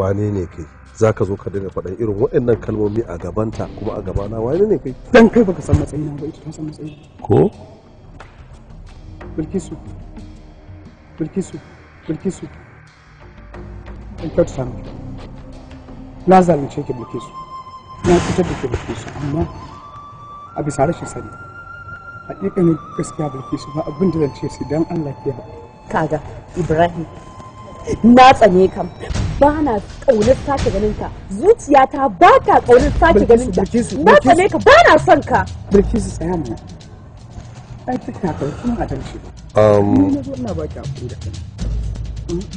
wane ne kai za ka zo ka dinga faɗan irin waɗannan kalmomi a gabanta kuma a gabana wani ne kai dan kai baka san matsayi ba ita ta san matsayina ko bilkisu bilkisu bilkisu an ka miki na zalunce ki bilkisu na fitar da ki bilkisu amma a bisa rashin sani hakikanin gaskiya bilkisu ba abin da zan ce su dan Allah ke kaga ibrahim na tsane ka ba na kaunar sake ganin ka zuciyata ba ta kaunar sake ganin ka na tsane ka ba na son ka bilkisu tsaya mu ai kika ka kuma a dan shi um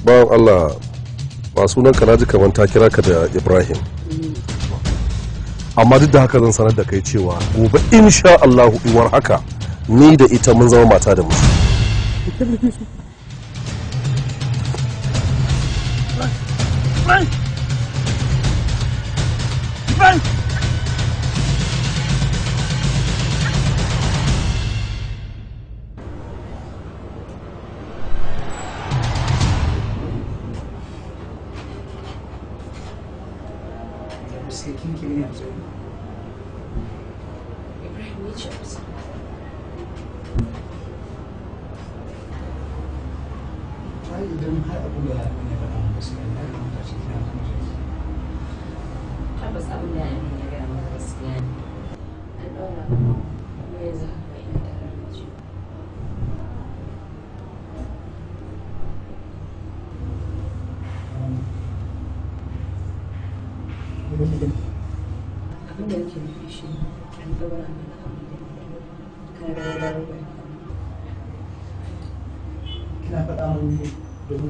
ba Allah ba sunan ka naji kaman ta kira ka da Ibrahim amma duk da haka zan sanar da kai cewa gobe insha Allah iwar haka ni da ita mun zama mata da mu Run! Run! Kim kimin yapacağını? İbrahim ne iş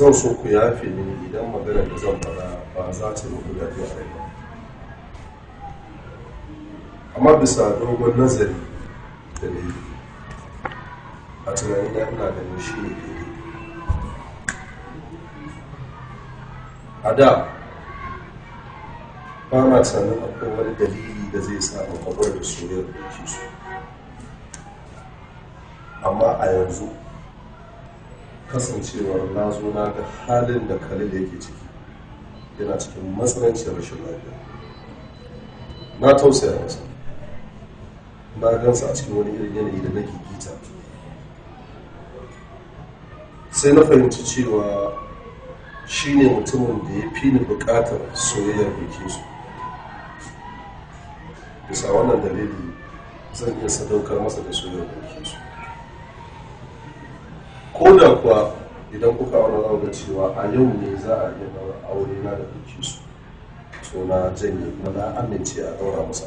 zan so ku yafe mini idan maganar da zan fara ba za ta muku daɗi a ba. amma bisa dogon nazari da na yi a tunanin na ina ganin shi ne a da ba na tunanin akwai wani dalili da zai sa a kwabar da soyayyar da ke so amma a yanzu kasancewar na zo na ga halin da khalil yake ciki yana cikin matsananciyar rashin lafiya na tausaya masa na gansa a cikin wani irin yanayi da na gita. sai na fahimci cewa shi ne mutumin da ya fi ni bukatar soyayyar bikin su bisa wannan dalili zan iya sadaukar masa da soyayyar bikin su ko da kuwa idan kuka aure ga cewa a yau ne za a yi daura aure na da kuke su so na yi kuma na amince a daura masa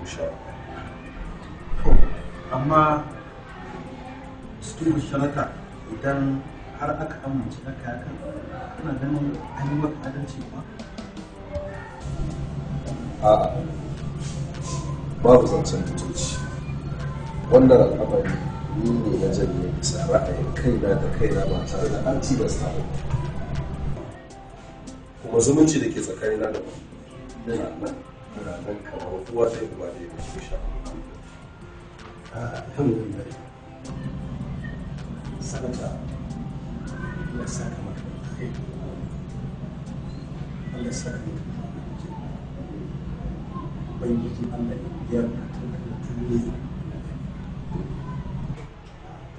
insha amma still sanata idan har aka amince aka yakan kana ganin an yi maka adalci ba a'a babu zancen tutoci wannan al'amari ni ne na janye bisa ra'ayin kaina da kaina ba tare da an tilasta ba kuma zumunci da ke tsakanin tsakanina da ba yana nan muna nan kamar uwa ta uba da ya kashe sha alhamdulillah sanata ya saka maka Allah ya Ban maka ubangiji Allah ya yarda ta da duniya kasance a cikin Allah ya sa Allah ya kuma da zuwa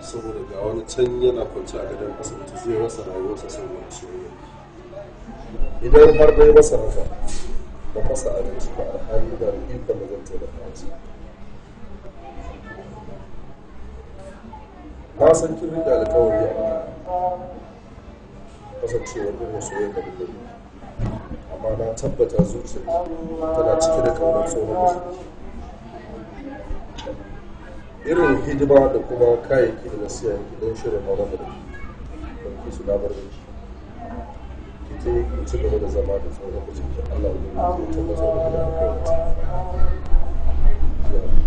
saboda wani can yana kwanci a gadon asibiti zai rasa rayuwarsa saboda idan har bai masa haka ba masa adalci ba alhali da ikon da zai da masa na san kin rika alkawari a kasancewar ɗin wasu yau da gobe amma na tabbata zuciya tana cike da kaunar tsoron wasu irin hidima da kuma kayayyaki da nasiya gidan shirin malamar da ke su labar da shi je ci gaba da zama da tsohon mijinki Allah ya yi ta mazo da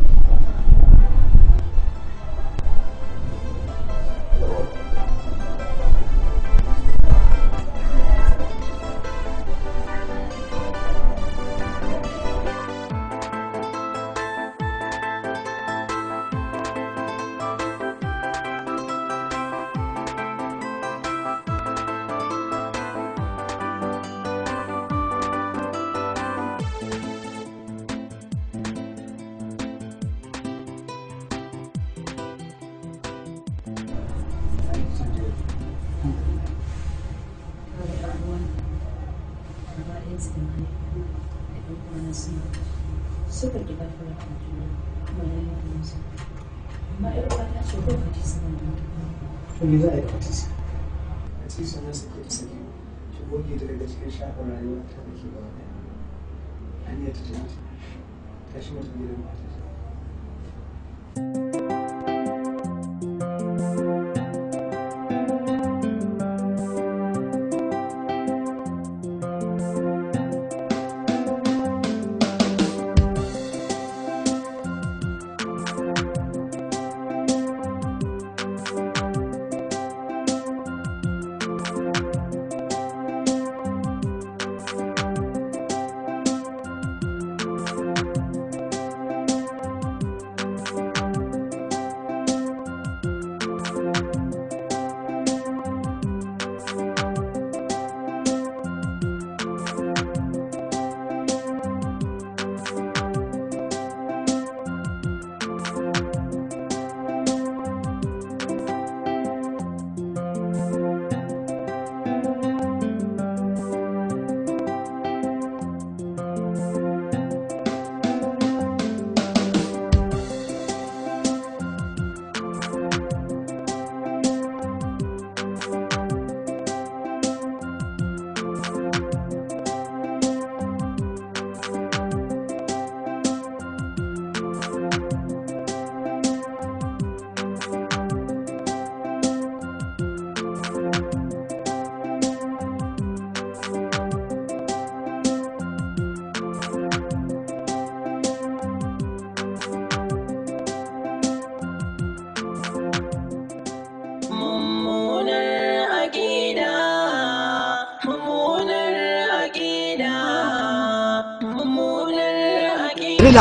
question is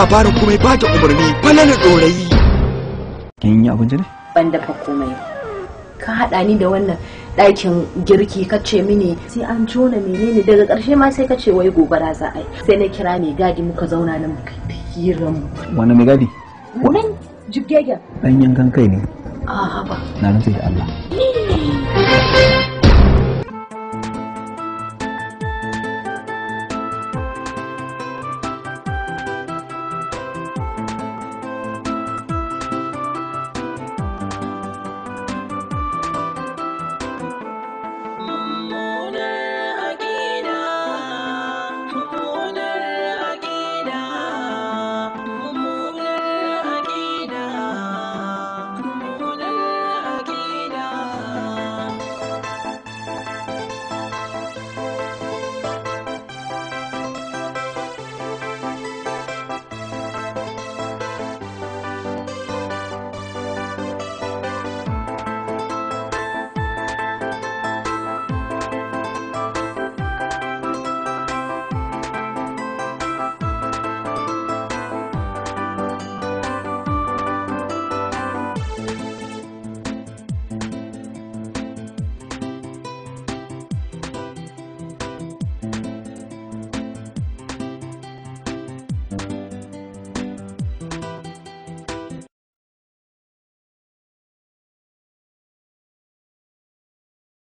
labarin kuma ba da umarni na dorayi. Kin yi abinci ne? Ban dafa komai. Ka haɗa ni da wannan ɗakin girki ka ce mini sai an jona menene daga ƙarshe ma sai ka ce wai gobara za a yi. Sai na kira mai gadi muka zauna nan muka hiran. Wani mai gadi? Wannan jibgegen. Ɗanyen yankan kai ne. A haba. Na rantse da Allah.